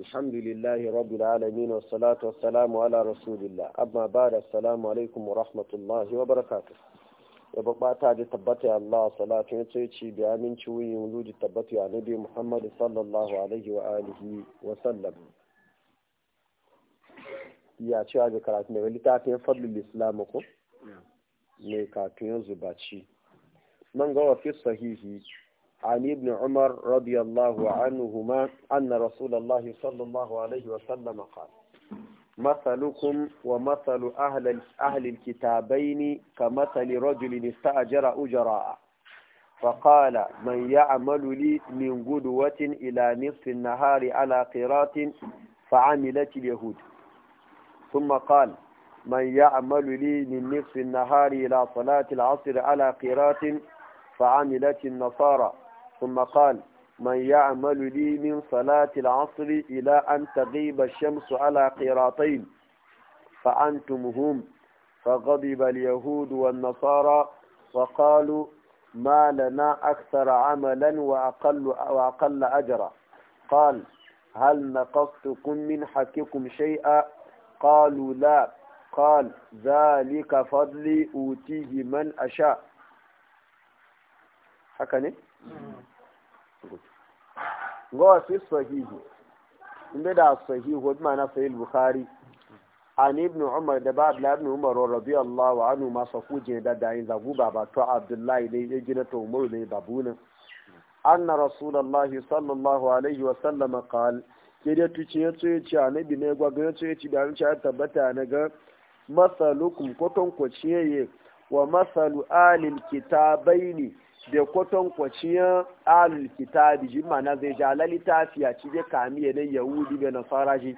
الحمد لله رب العالمين والصلاة والسلام على رسول الله أما بعد السلام عليكم ورحمة الله وبركاته ya bukata da tabbata ya Allah salatu ya ce ci da aminci wuyi wuludi tabbata ya nabi Muhammad sallallahu alaihi wa alihi wa sallam ya ce a karatu ne littafin fadlul islam ko ne katun zubaci man ga wa fi sahihi عن ابن عمر رضي الله عنهما أن رسول الله صلى الله عليه وسلم قال مثلكم ومثل أهل, أهل الكتابين كمثل رجل استأجر أجراء فقال من يعمل لي من قدوة إلى نصف النهار على قراط فعملت اليهود ثم قال من يعمل لي من نصف النهار إلى صلاة العصر على قراط فعملت النصارى ثم قال من يعمل لي من صلاة العصر إلى أن تغيب الشمس على قراطين فأنتم هم فغضب اليهود والنصارى وقالوا ما لنا أكثر عملا وأقل, وأقل أجرا قال هل نقصتكم من حقكم شيئا قالوا لا قال ذلك فضلي أوتيه من أشاء حكني gawa fi sahihi inda da sahihi ma'ana mana sahih bukhari Ani ibn umar da ba abdullahi ibn umar rabi Allah ma Anu masu da da yin zagu ba to abdullahi ne ya gina ta umaru ne an na rasulullahi sallallahu alaihi wa kal ke da tuci ya ci a annabi ne gwa ga tsoye ci da ya tabbata na ga masalukum kwatankwaciye wa masalu alil kitabaini da kwaton kwaciya alul kitabi ji mana zai ja lalita fiya ci da kami yanayin yahudi da nasara ji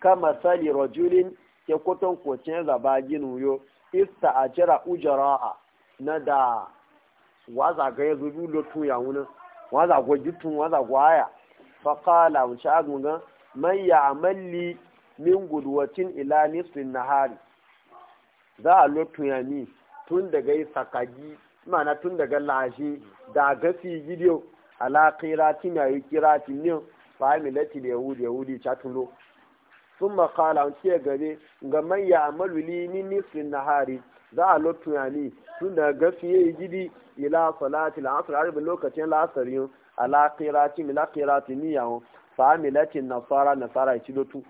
kama sali rajulin ke kwaton kwaciyar zaba ginu yo ista a jira a. na da waza ga ya zubi lotun ya wuna waza gwa jitun waza gwa aya faƙala wuce agunga man ya amalli min gudwacin ila na nahari za a lotun ya ni tun daga yi sakagi mana tun daga lashe da gasi video ala kirati na yi kirati ne fa lati da yahudi yahudi cha tulo sun makala an ce gare ga man ya amalu li ni nisfi nahari za a lotu ya ni tun da gasi ya yi gidi ila salati asr harbin lokacin la'asar yin ala kirati mila kirati ni yawon fa lati nasara nasara ya ci lotu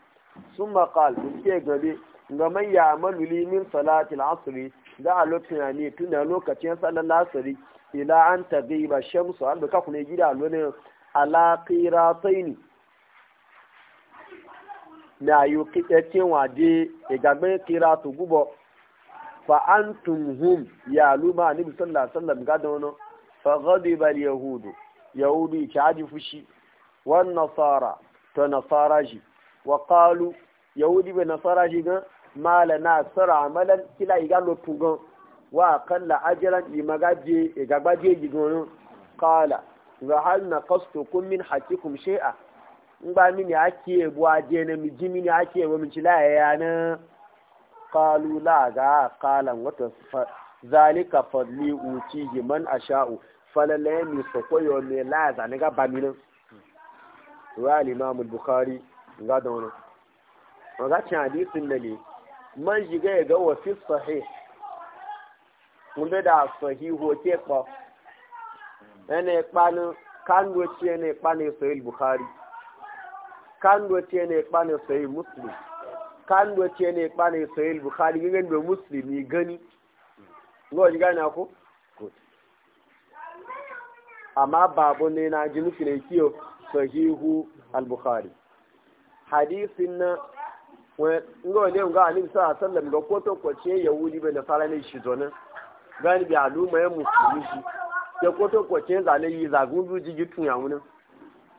sun makala an ce gare ga man ya maluli min salatil asri da a lokacin ne tun da lokacin sallar lasari ila an tabi ba shamsu an da kakune gida alaƙira sai qirataini na yu kike e wade igagbe e qiratu gubo fa antum hum ya luma ni sallallahu alaihi wasallam su da wono fa ghadiba al yahudu yahudi fushi wan nasara to nasara ji wa qalu yahudi be nasara ji ga mala na sara amalan kila iga lotugan wa kalla ajiran imagaje igagbaje gigonin kala ga hal na kasto kun min hakikum shay'a in ba mini ake ebu aje na mi ji mini ake ebu mi cila ya na kalu la ga kala wata zalika fadli uci man asha'u falala mi sokoyo ne la ne ga baminin wa al-imam al-bukhari ga da wannan ga cin hadisin da ne man shiga ya ga wasu sahi, wanda da sahiho ke kwa yana ya kpani kando ce yana ya sahi sahih bukhari kando ce yana ya sahi sahih muslim kando ce yana ya sahi Buhari, bukhari gangan da muslimi gani Ngo ji gane ku? amma babu ne na ji nufi ne kiyo sahihu al-bukhari hadisin na nga wale nga alim sa sallam ga ko to yahudi bai nasara ne shi zonin gani bi aluma ya musulmi shi ya ko to yi zagun zuji gitun ya wunin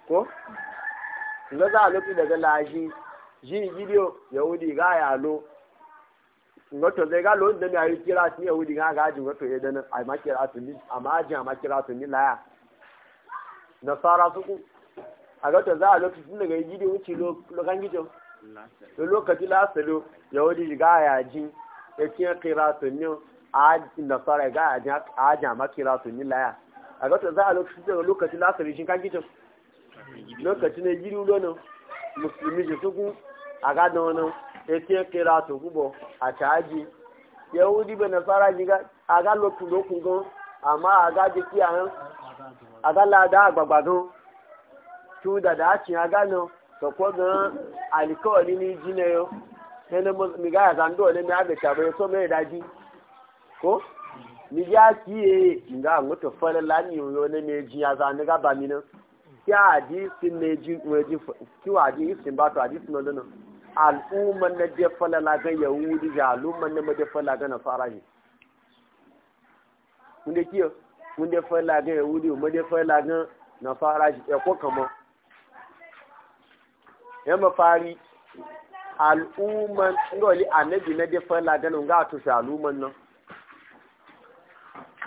ko na za a lafi daga lashi ji gidiyo yahudi ga ya lo nga zai ga lo da mai ayi kira su yahudi ga ga ji wato ya dana ma kira su ni kira su ni laya a ga za a lokaci daga gidiyo wuce to lokaci lasalo yahudi ga yaji ya ce kira sunni a nasara ga yaji a jama kira sunni laya a gata za a lokacin da lokaci lasalo shi kan gidan lokaci ne giri lonin musulmi shi suku a gadon wani ya ce kira su gubo a caji yahudi bai nasara a ga lokacin lokun gan amma a ga jiki a ga lada agbagbagan tu da dacin a ga ganin ka gan àlìkọ́ọ̀lì ní jílẹ̀ yọ ẹni mìgá àtàndó ọ̀lẹ́ mi àgbẹ̀tà bẹ̀rẹ̀ sọ mẹ́rin dájú kó mìgá kí e nga àwòtò fẹ́lẹ́ láàmì òun ne mi jí àtàndó gábà mi ná kí àdí sí mi jí wọn jí kí wọ́n àdí sí bá tó àdí sí mi lọ́nà al'umman na je fẹ́lẹ́ lágán yẹ̀wò wúdi jẹ́ al'umman na je fẹ́lẹ́ lágán na fara yìí. Kunde kiyo, kunde fẹ́lẹ́ lágán yẹ̀wò wúdi, kunde fẹ́lẹ́ lágán na fara yìí, ẹ̀kọ́ kàn ya fari al'umman ngoli annabi na dafa laganin ga to al'umman nan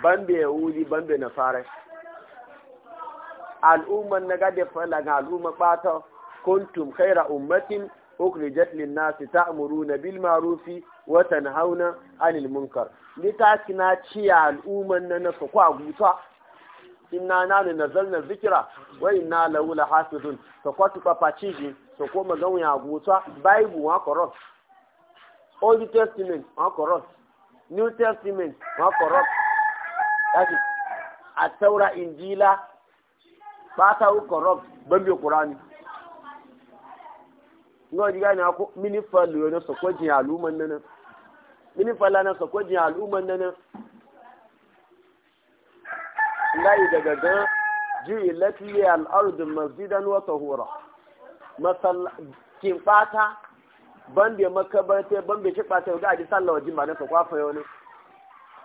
bambe yahudi bambe na fara al'umman na ga dafa lagan al'umman fata kuntum khaira ummatin ukhrijat lin nas ta'muruna bil ma'rufi wa tanhauna 'anil munkar litaki na ciya al'umman nan na su kwa guta inna nanu nazalna zikira wa inna lahu lahafizun so ko tupa pachiji so ko magawu ya gutsa bible wa corrupt old testament wa corrupt new testament wa corrupt yaki at-taura injila ba ta u corrupt bambe qur'ani ngo diga ni ako mini falu ne so ko jin aluman nan mini falla na so ko jin aluman nan ngai daga ga ju'ilat li al-ard masjidan wa tahura masal kin fata bande ban bande shi fata ga di sallah wajin ba na ka kwafa yau ne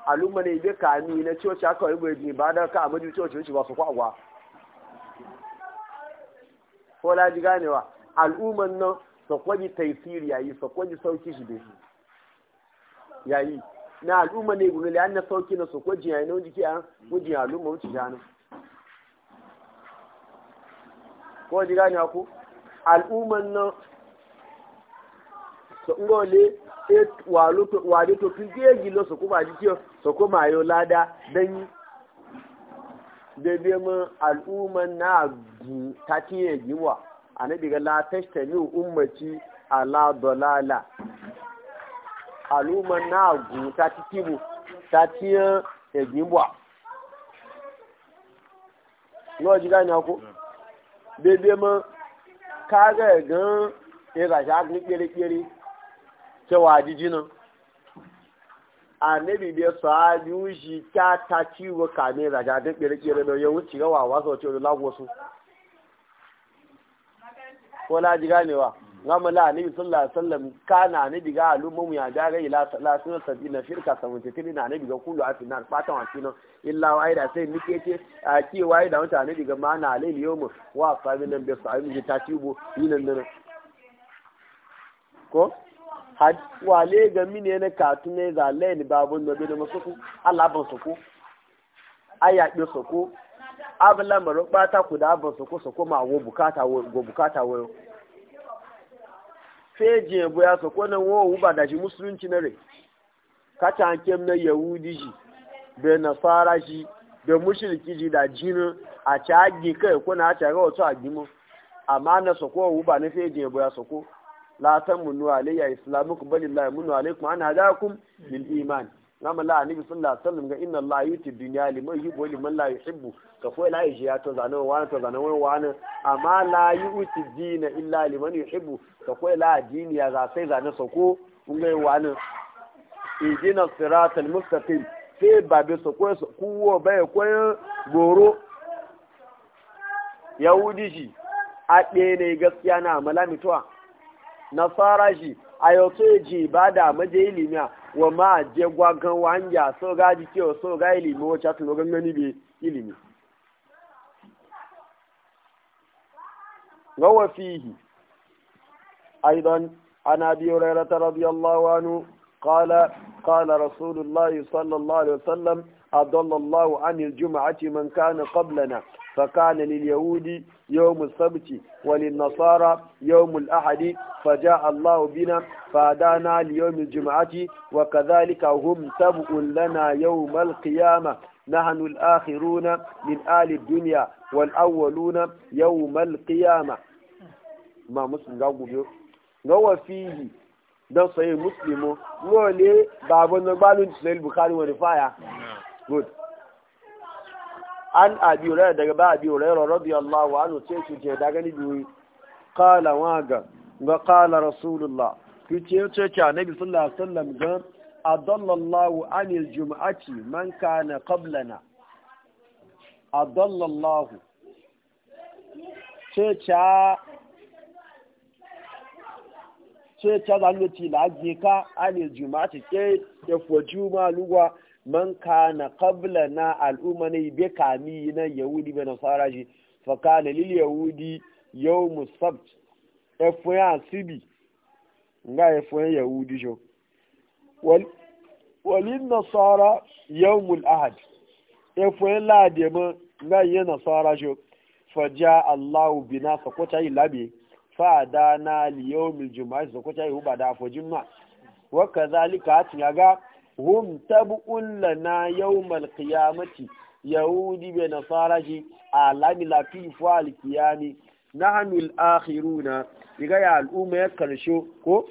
alumma ne be kami na coci aka yi gwaji ba da ka amadu coci shi ba su kwagwa ko la ji ganewa al'umman nan sakwaji taisiri yayi sakwaji sauki shi be yayi na al'umma ne gune da na sauki na su kwajin yayi nan jiki an kwajin al'umma wuce jana ko ji gani ku al'umman nan su ngole e walo to wade to fige gilo su kuma jiki su kuma yo lada yi bebe mu al'umman na ta tiye giwa annabi ga la tashtami ummati ala dalala aluma na agu ta titi mu ta ti yan eh, ẹgbin bọ lọ́wọ́ jí káyìn akó hmm. bébé mọ́ káàrẹ̀ gan ìràṣà ní pérépéré tẹwà àdíjí náà annabi bai sọ ájú ṣì ká ta ciwo kàmí ìràṣà ní pérépéré náà yẹn wọ́n ti rẹwà wá sọ tí wa. gama la annabi sallallahu alaihi wasallam kana annabi ga alummu ya da ga ila salatu na sabi na shirka samunce tini na annabi ga kullu afi na fata wa kino illa wa da sai nike ce a ki wai da mutane diga ma na alil yawm wa sabi nan bi sabi ji tatibu yinan nan ko had le ga mine ne ka tune za ni babun da bidu musuku Allah ban suku aya bi suku abla maro bata ku da ban suku suku ma wo bukata wo bukata wo feji ebu ya so kwanan wo uba da shi musulunci na re kacha anke na yahudi ji be nasara ji be mushriki ji da jinu a cagi kai e a cagi a gimo amma na soko owu uba na feji ebu ya so ko la tan munu alayya islamukum balillahi munu alaykum an hadakum lil nama la anabi sallallahu alaihi wasallam ga inna allaha yuti dunya liman yuhibbu wa liman la yuhibbu ka fo la ya to zanawa wa to zanawa wa wani amma la yuti dina illa liman yuhibbu ka fo la dini ya za sai zano soko kun ga wani idina siratal mustaqim sai babe soko kuwo bai koyo goro yahudi shi a ɗaya ne gaskiya na amala mituwa nasara shi ayoto ji bada maje ilimiya wa ma je gwagan wanja so ga ji ke so ga ilimi wacce ta logan gani bi ilimi gawa fihi aidan ana biyo raira ta radiyallahu anu kala kala rasulullahi sallallahu alaihi wasallam adallallahu anil juma'ati man kana qablana فكان لليهود يوم السبت وللنصارى يوم الأحد فجاء الله بنا فادانا ليوم الجمعة وكذلك هم تبع لنا يوم القيامة نحن الآخرون من آل الدنيا والأولون يوم القيامة ما مسلم قابل نوى فيه don صحيح مسلم نوى ليه na balun israel بخاري wani faya good an abi hurairah daga ba abi hurairah radiyallahu anhu ce su ce daga ni biyu qala wa ga ga qala rasulullah ki ce ce ce annabi sallallahu alaihi wasallam ga adallallahu anil jum'ati man kana qablana adallallahu ce ce ce ce zanu ti laje ka anil jum'ati ke ke fojuma lugwa man kana qabla na al'umma ne be kami na yahudi be nasara ji fa kana lil yahudi yawm sabt efu ya sibi nga efu ya yahudi jo wal nasara yawm al ahad efu ya lade ma nga nasara jo fa ja allah bina fa ko tai labe fa dana li yawm al jumu'ah ko tai ubada fa jumma wa kadhalika atiyaga hum tab'un lana yawmal qiyamati yahudi be a ji alami latifu alkiyami nahnu al-akhiruna diga ya al'umma ya ko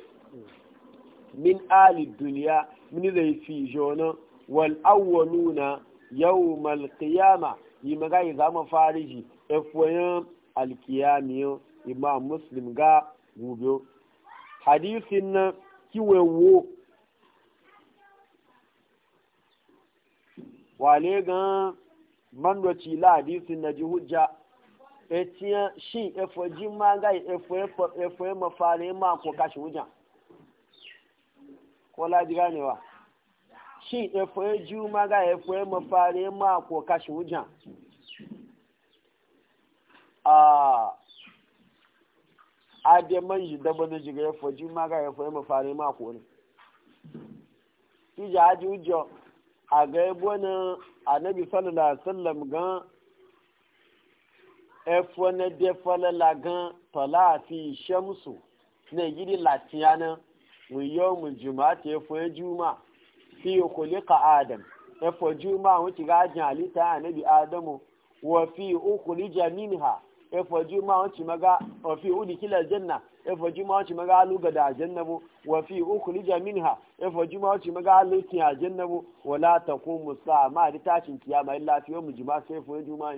min ali duniya min zai fi jona wal awwaluna yawmal qiyama yi magai zama fariji efoyan alkiyami imam muslim ga gobe hadisin na kiwen wale gan mandoci la hadisin na ji hujja etiyan shi efo ji ma ga efo e e e ma fare ma ko kashi hujja ko la ji ganewa shi efo ji ma ga efo ma fare ma ko kashi hujja a ade man ji daba na jiga efo ji ma ga efo ma fare ma ko ne Ija aji hujjo a ga wani annabi sallallahu alaihi wasallam gan efo na de falala gan tola fi shamsu na gidi latiyana mu yau mu juma ta efo ya juma fi ka adam efo juma wuce ga ajin halitta annabi adamu wa fi ukhrija ha. efoji ma wanci maga wa fi na aljanna ma wanci maga alu ga da aljanna wa fi ukhrija minha ma wanci maga alu wala taqumu sa'a ma di tashin kiyama illa fi juma sai fo juma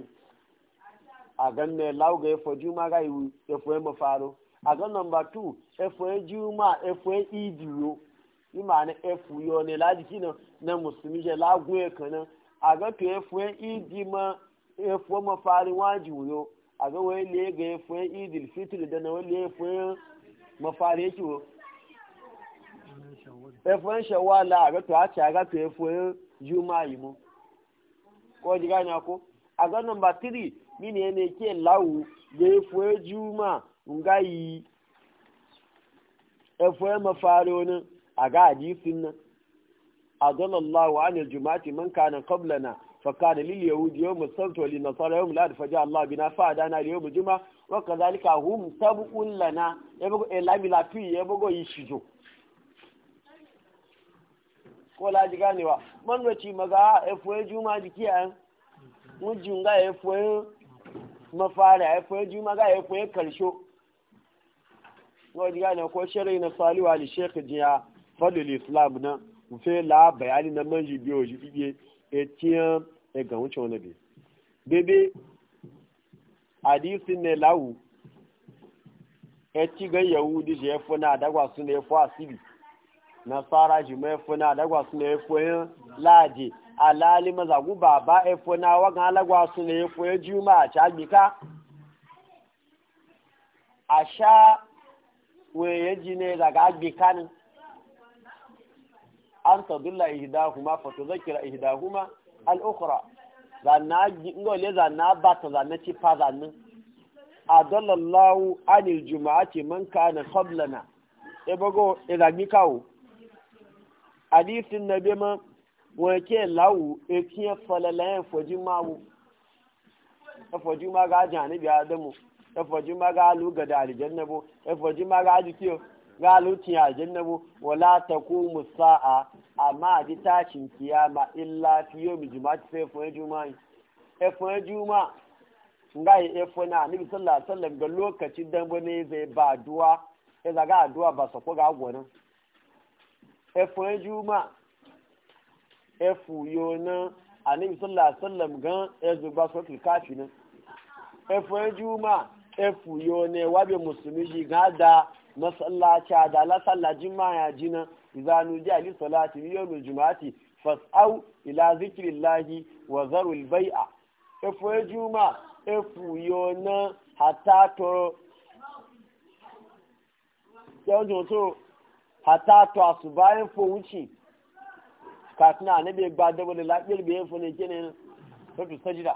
a ganne lauga ma ga yi efo ma mafaro a ga number 2 efo juma efo imana efu yo ne laji na musulmi je e kana a ga efo idima efo a ga wai ne ga ya fi idil fitr da na wani ya fi mafari kiwo efuwan shawala a gato a ce a gato efuwan juma yi mu ko ji gani ko a ga number 3 ni ne ne ke lawu ya efuwan juma nga yi efuwan mafari wani a ga hadisin nan a zalallahu an jumati man kana qablana فكان لليهود يوم السبت وللنصارى يوم الاحد فجاء الله بنا فادانا اليوم الجمعه وكذلك هم سبق لنا يبغوا الامي لافي يبغوا يشجو ko laji ganewa man wace maga efoye juma jiki a mujin ga efoye mafara efoye juma ga efoye karsho ko ji gane ko shirai na saliwa li shekh jiya fadul islam na fe la bayani na manji biyo ji biye etiyan ega wuce wani bi bebe adisi ne lawu eti ga yahudi je efo na adagwa su na efo asibi nasara ji ma efo na adagwa su na efo yin laadi alali mazagu baba efo na wagan alagwa su na efo yin juma a cagbika a sha weye ji ne daga agbika ne an tadilla ihdahuma fa tudhakkira ihdahuma al-ukhra zanna ngole zanna bata zanna ci fa zanna adalla Allahu anil juma'ati man kana qablana e bago e da mi kawo hadithin nabi ma ke lawu e kiye falalayen fojimawu e ma ga janibi adamu e ma ga luga da aljannabo e ma ga ajikiyo galutin aljannabu wala ta kumu sa'a amma ji tashin kiyama illa fiye mu juma ti fẹ́ yi ẹjúmọ́ e yìí ẹfún ẹjúmọ́ ga yi ẹfún na nibi sọ́lá ga lokaci dambo ne zai ba aduwa ya e zaga duwa ba sako ga gwanin ẹfún e juma efu yóò náà a níbi sọ́lá sọ́lá gan ẹzù gba sọ́kì káfí náà ẹfún ẹjúmọ́ ẹfù yóò náà wábi mùsùlùmí masallaci da la sallah juma'a jina idza nudiya li salati yawmul juma'ati fas'au ila zikrillahi wa zarul bai'a efo juma efu yona hatta to yawon to hatta to asuba efo wuci kafin annabi ba da wani lafiyar bayan fune kenan to to sajida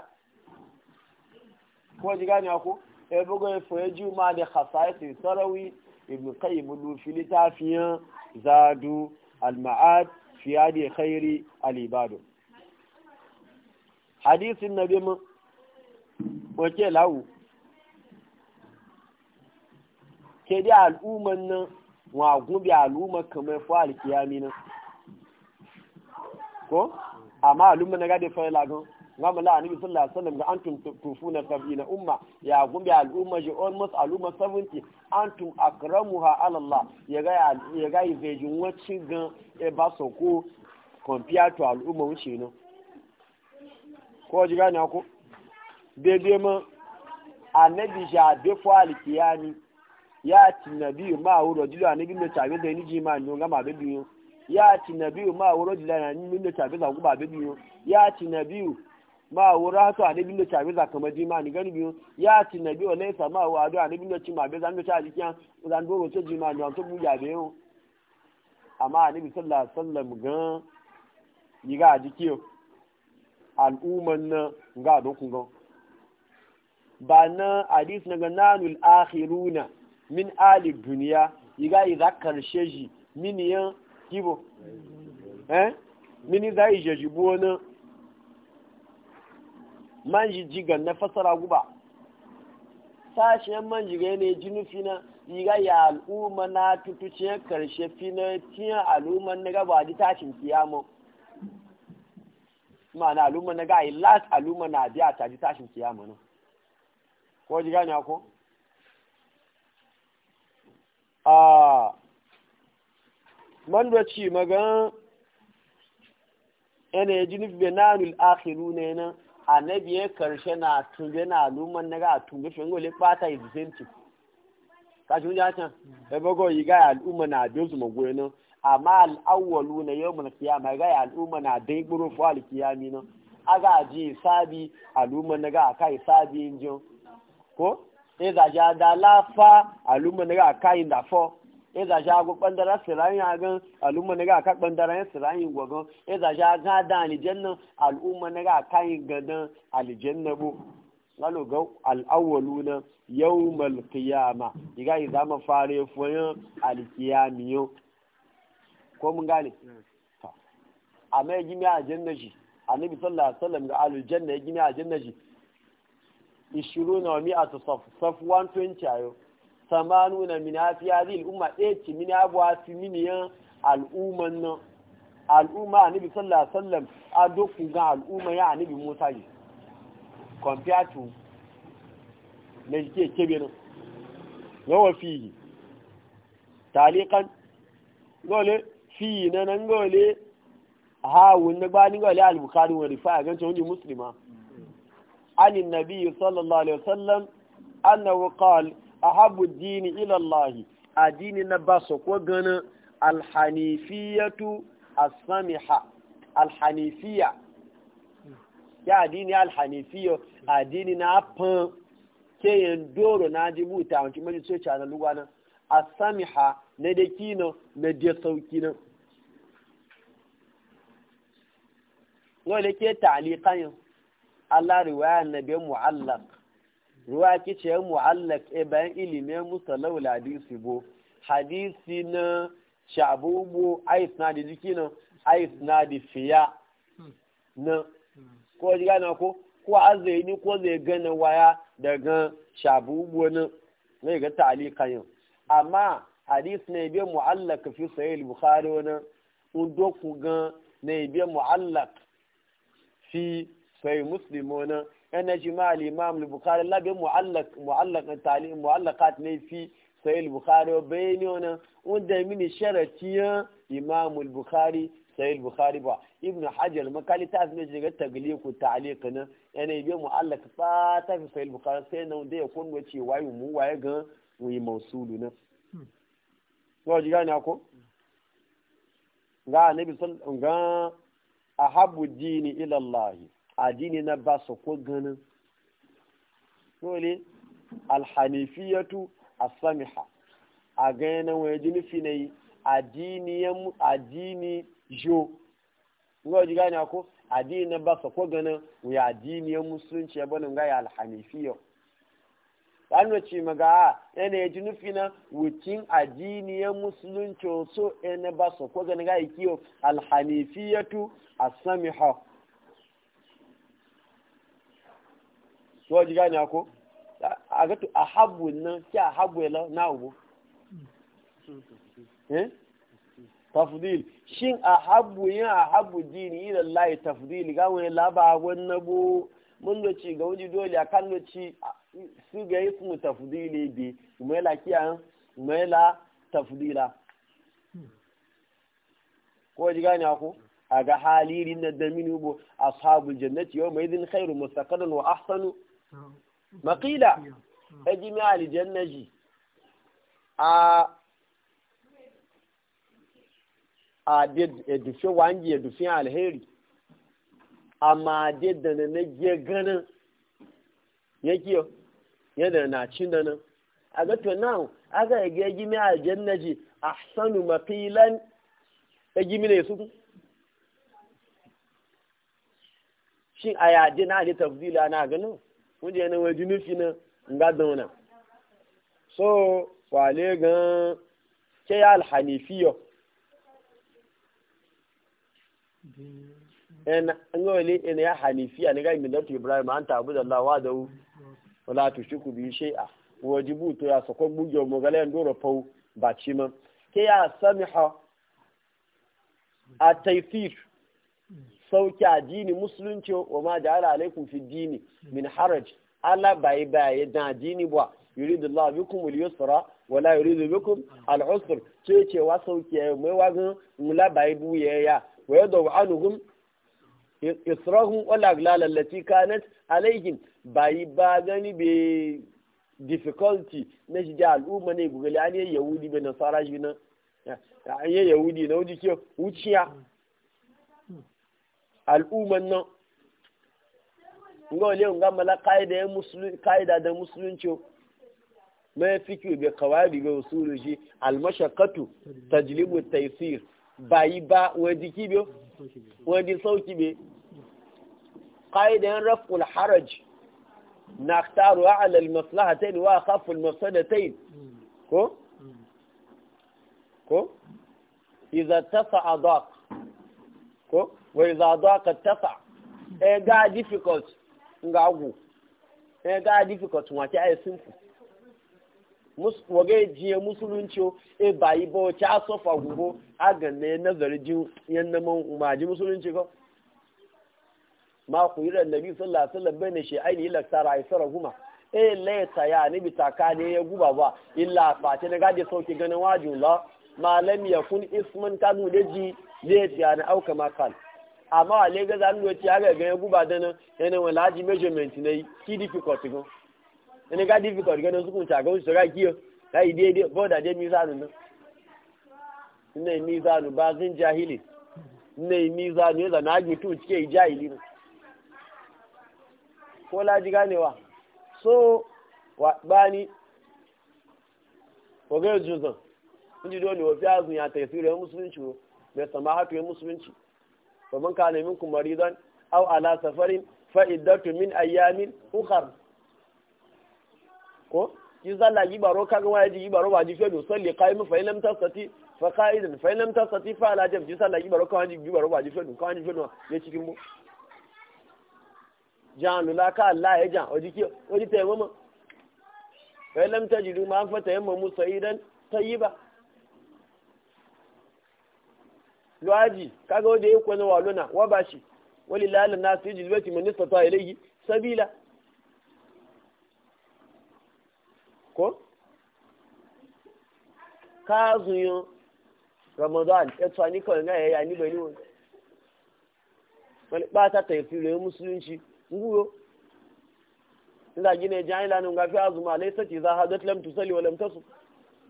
ko ji gani ko e bugo efo juma da khasa'is sarawi ibn qayyim lufi littafiyan zadu al-ma'ad fi hadi khairi al-ibad hadisin nabi mu wace lawu ke da al'umman nan wa gubi al'umma kamar fa al-kiyami nan ko amma al'umma na gade fa lagun gama la annabi sallallahu alaihi wasallam ga antum tufuna sab'ina umma ya gumbi al'umma ji almost al'umma 70 antum akramuha ala Allah ya ga ya ga gan e ba so compare to al'umma wuce no ko ji gane ko daidai ma ja fo ya ti nabi ma wuro dilo ni ji ma no ga ma be biyo ya ti nabi ma wuro dilo be ya ma ade bi anibin cha be za di ma ni gani biyu ya ti na biyu lai sama wa adu anibin da cima bai zan ta jikin zan doro ce jima ni wato buya bai yau amma bi sallallahu alaihi wasallam gan ni ga o al'umman na ga ku go ba na hadis na nanul akhiruna min ali duniya yi ga yi za karshe ji miniyan kibo eh zai je yi bo na manji jiga na fasara guba sashen manji ga yanayi jinufi na yiga ya al'umma na tutuciyar karshe fina tiyan al'umma na gaba da tashin kiyama ma'ana al'umma na gaba last al'umma na biya ta ji tashin kiyama na ko ji gani ko a mandoci magan yanayi jinufi benanul nul'akhiru ne na. annabi ya karshe na tunge na aluman na ga tunge shi ngole pata is same thing ka shi mm. ya can e bago yi ga al'umma na biyo su magoye no amma al'awwalu na yawmul qiyama ga al'umma na dai buru fa al-qiyami no aga ji sabi al'umma na ga kai sabi injo ko e da ja da lafa al'umma na ga kai da fo Eh, za zashi agu ɓandara sirayin agan al'umma na ga ka ɓandara ya sirayin gwagon eh, za zashi aga da alijanna al'umma na ga yin gadan alijanna bu lalo ga al'awwalu na yawmal qiyama diga yi zama fare foyin alkiyamiyo ko mun gane a mai gimi a janna shi nabi sallallahu alaihi wasallam ga aljanna ya gimi a janna shi 20 na wa mi'atu saf 20 ayo samanu na mina fi hadhihi al-umma ɗaya ci mini abu fi miniyan al'umman nan al'umma a sallallahu alaihi a dokun ga al'umma ya nibi Musa ne kwamfiyatu na yi ke kebe nan yawa fi talikan gole fi na nan gole ha na gbani gole al-bukhari wa rifa ganci wani muslima an nabi sallallahu alaihi wasallam annahu qala ahabu dini ila Allah addini na ba su ko ganin alhanifiyatu asamiha alhanifiya ya addini alhanifiyo addini na fan keyan doro na mani so majalisar canar na as-samiha na da kino na da sauki nan wale ke ta'alikan yin Allah riwaya na bai mu'allaq ruwa kice mu'allaq e eh, bayan ilimin laula hadisi bo hadisi na shabubu aisna da jiki na aisna da fiya na ko ji na ko ko ni ko zai gana waya daga shabubu na ne ga ta'alika yin amma hadisi ne bi mu'allaq fi sahih bukhari wani undoku gan ne bi mu'allaq fi sahih muslim wani yana shi ma al-imam al-bukhari labin mu'allaq mu'allaq talim mu'allaqat ne fi sahih al-bukhari bayani ona wanda mini sharati ya imam bukhari sahih bukhari ba ibnu hajar makali ta ne daga tagliku ta'liq nan yana bi mu'allaq fa ta fi sahih bukhari sai nan da ya kunwa ce wayu waye ga wi mausulu nan ko dini addini na ba su ko ganin dole alhanifiyatu asamiha a ganin wani jini finai addini jo ngo ji gane ko addini na ba su ko ganin wani addini ya musulunci ya bane ga alhanifiyatu ɗano ci maga yana ya ji nufi na wucin ya musulunci so yana ba su ko gani ga ikiyo alhanifiyatu asamiha tó ọjí gane ko a ga to a habu nan ki a habu la na ubu eh tafdil shin a habu yin a habu dini ila Allah tafdil ga wani laba wannan bo mun da ci ga wani dole a kan ci su ga yi kuma tafdili bi mai la kiyan mai la tafdila ko ji gane ko halirin na damini bo ashabul jannati yawma idin khairu mustaqarran wa ahsanu Maƙila, makila ajimi aljannaji a a edufe wangi edufe alheri amma da na nage ganin yake yadda na cin da nan a ga to aka yi ya ga gimi aljannaji ahsanu maqilan ya gimi ne su shin ayadina da tafdila na ganin oúnjẹ ẹni wọn ju nífi na ń gbádùn náà so wàlẹ́ gan-an ṣé alhànífíyọ̀ ẹnà ńlọ́ọ̀lẹ́ ẹnì alhànífíyà nígbà ìmìlẹ́tù ibrahim àǹtà àbúdàlá wàdàwù wọlá àtúnṣukù bíi ṣé à wọ́n a tó yà sọ̀kọ́ gbújọ mọ̀gálẹ́ ń dúró pọ̀ bàtí mọ́ ṣé yà sẹ́mi sauki dini musulunci wa ma ala alaikum fi dini min haraj ala bai bai da addini ba yuridu Allah bikum al-yusra wa la yuridu bikum al-usr ce ce wa sauki ya mai wa gan mula bai bu ya ya wa yadu anhum israhum wal aglal allati kanat alaihim bai ba gani be difficulty na shi da al'umma ne gugali an yi yahudi bai nasara shi na an yi yahudi na wuce wuciya al'umman nan nga wale nga mala kaida ya musulun kaida da musulunci ma fiki bi qawadi bi usuluji al mashaqqatu tajlibu at taysir bai ba wadi kibe wadi sauki be kaida ya rafu al haraj نختار أعلى المصلحتين وأخف المفسدتين ko ko idha اتسع ضاق ko wai za zo aka tafa ga difficult nga gu e ga difficult wa ki ai simple mus wage jiye musulunci e ba yi bo cha so fa gugo aga ne ji yan na mun musulunci ma yi da nabi sallallahu bane shi aini ila sara isara huma ni ne ya guba ba illa fa ta ga malam ya kun ismin ta nuna ji zai tiya na auka makal amma a lega za nuna tiya ga ganyen guba da nan yana wani laji measurement na ki difficult gan yana ga difficult ga su kun shagan su ra kiyo ka yi daidai boda dai mizanu nan ina mi zanu ba zin jahili ina mi zanu ya zana agi tu cike yi jahili nan ko laji ganewa so wa bani ko ga kun ji dole wa fiya zuya tafsir ya musulunci mai haka ya musulunci fa ne kana minkum maridan aw ala safarin fa iddatu min ayyamin ukhar ko yi zalla yi baro kaga waya ji yi baro ba ji fedo salli qaim fa lam tasati fa qa'idan fa lam tasati fa ala jam ji zalla yi baro kawa ji yi baro ba ji fedo kawa ji fedo ne cikin mu jan lula ka Allah ya jan oji ki oji tayammama fa lam tajidu ma fa tayammamu musaidan tayyiba gaji kaga wajen yi wa luna wa ba shi wani lalun nasu yi jilbeti minista ta ilegi sabila ko ka zuyo ramadan ya tsa ni kawai na yaya ni bai wani wani bata ta yi fire musulunci nguro ina gina ya jani lanin gafi azuma lai sace za ha zatlam tusali walamtasu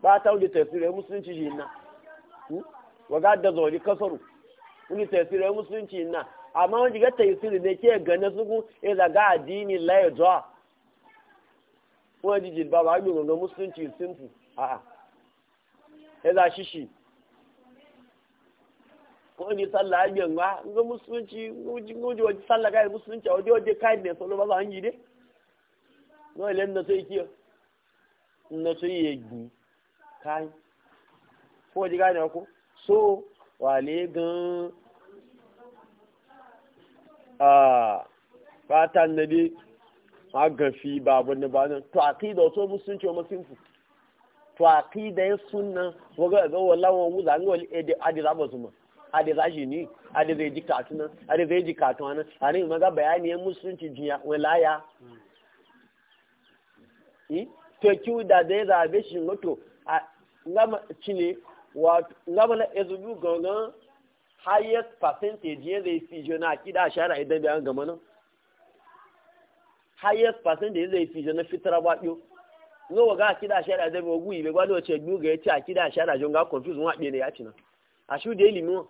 ba ta wuce ta yi fire musulunci shi na hmm? waga da zauri kasaru wani tafsirai musulunci na amma wani ga tafsiri ne ke gane suku ya e zaga addini laye zuwa wani jijil ba ba yi gungun musulunci simfu a a ya e za shi shi wani sallah abiyan ba ga musulunci guji waje sallah kayan musulunci a waje waje kayan ne salo ba za hangi ne wani lenda sai kiyo na sai ya gi kayan ko waje gane ko so wale gan a fatan na dai magafi babu ba banin to aqida so musulunci wa musulunci to aqida ya sunna waga ga wallahi mu zan wali eh, ade ade za ba zuma ma za shi ni ade zai ji katun nan ade zai ji katun nan ani maga bayani ya musulunci jiya walaya hmm. eh to kiu da dai za be shi moto a ngama cine ngamala ezubu gangan highest percentage yin zai fi jona kida shara idan e biyan gama nan highest percentage zai fi jona fitara ba ɗiyo no waga a kida shara idan biyan guyi bai gwada wace gbuga ya ce a kida shara jonga confuse wa ɗiyo ne ya ci nan a shu da ilimin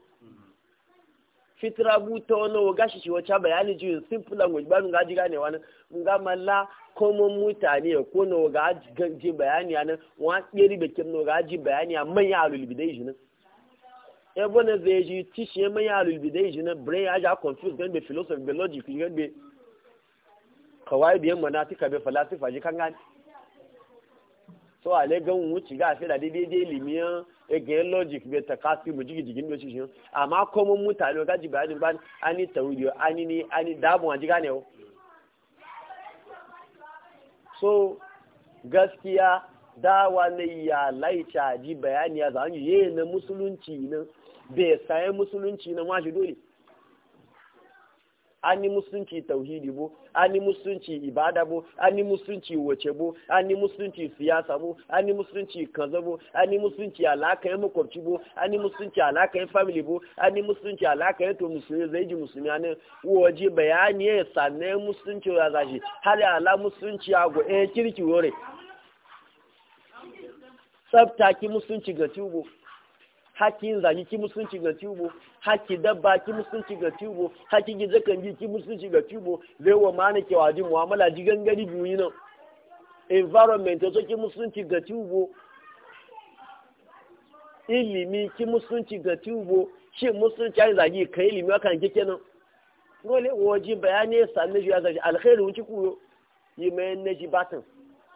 fitra buta wani waga shi wacce bayani jiyo simple language ba nga ji gane wani nga malla komo mutane ko na waga ji bayani nan wa ɗeri bakin na waga ji bayani a manya alul bidai shi nan e bona zai ji tishi ya manya alul bidai shi nan brain ya ja confused gan be philosophy be logic gan be kawai biyan manatika be falasifa ji kan gani so ale gan wuci ga fi da daidai limiyan ege logic be ta kasi mu jigi jigin doci shi amma ko komun mutane ga ji bayanin ban ani tawuyo ani ni ani da mu jiga ne so gaskiya da ne ya laita ji bayani ya zan yi na musulunci nan be sai musulunci nan ma shi dole an yi musulunci tauhidi bo an yi musulunci ibada bo an yi musulunci wace bo an yi musulunci siyasa bo an yi musulunci kaza bo an yi musulunci alakayin makwabci bo an yi musulunci alakayin family bo an yi musulunci alakayin to musulmi zai ji musulmi ne waje bayani ya sanne musulunci ya zashi hali ala musulunci ya go eh kirki wore tsabta ki musulunci ga tubo hakkin zagi ki musulunci ga tubo haki dabba ki musulunci ga tubo haki gizo kan ji ki musulunci ga tubo zai wa ma ke wa mu'amala ji gangari biyu nan environment so ki musulunci ga tubo ilimi ki musulunci ga tubo shi musulunci ya zagi kai ilimi akan kike nan dole waje bayani sanne ji ya zaji alkhairu ki kuyo yi mai energy button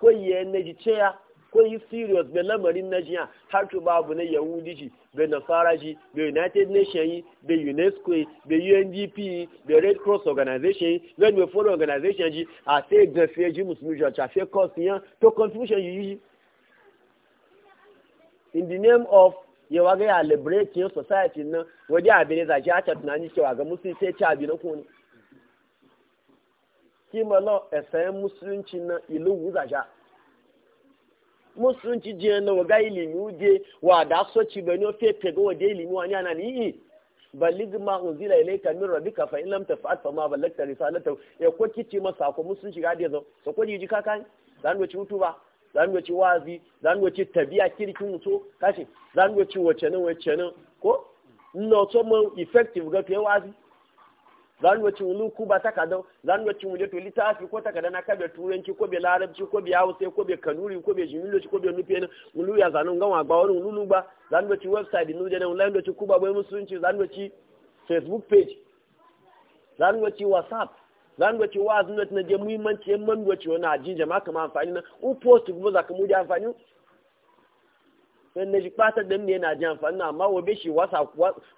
ko yi energy chair ko yi serious bai lamarin na jiya har to babu na yahudi shi Be nasara shi be united Nations yi be unesco yi be undp yi be red cross organization yi be new foreign organization yi a sai gafe ji musulmi church a sai cost yan to contribution yi yi in the name of yawa ga ya liberate society na waje abin da zaki aka tunani cewa ga musulmi sai ci abin na kone kimalo esen musulunci na ilu wuza musulunci je na waga ilimi uje wa da so ci bani o fe pe gowa de ilimi wani ana ni ballig ma unzila ilayka min rabbika fa in lam taf'al fa ma ballagta risalatahu ya ko kici masa ko musulunci ga de zo so ko ji kaka dan do ci mutu ba dan do ci wazi dan do ci tabiya kirkin mutu kashi dan do ci wace nan wace nan ko no to mo effective ga ke wazi za mu wacin luku ba ta za mu wacin wule to litafi ko ta takada na kabe turanci ko be larabci ko be hausa ko be kanuri ko be jimiloci ko be nufe mulu ya zanu ngan wa ba wurin lulu ba za mu wacin website nu da nan zan wace ku ba bai musulunci mu wacin facebook page za mu wacin whatsapp za mu wacin wa zan na je muhimmanci yan man wace wani ajin jama'a kama amfani na u post kuma za ka mu da amfani sai na ji fata da ne na jan fa na wa be shi wasa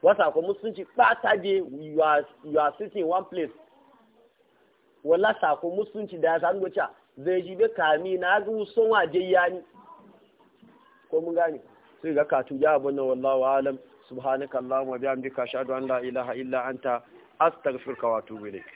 wasa ko ci fata je you are sitting one place wala sa ko ci da san gocha zai ji be kami na ga sun waje yani ko mun gani sai ga katu ya abuna wallahu alam subhanakallahumma bihamdika ashhadu an la ilaha illa anta astaghfiruka wa atubu ilayk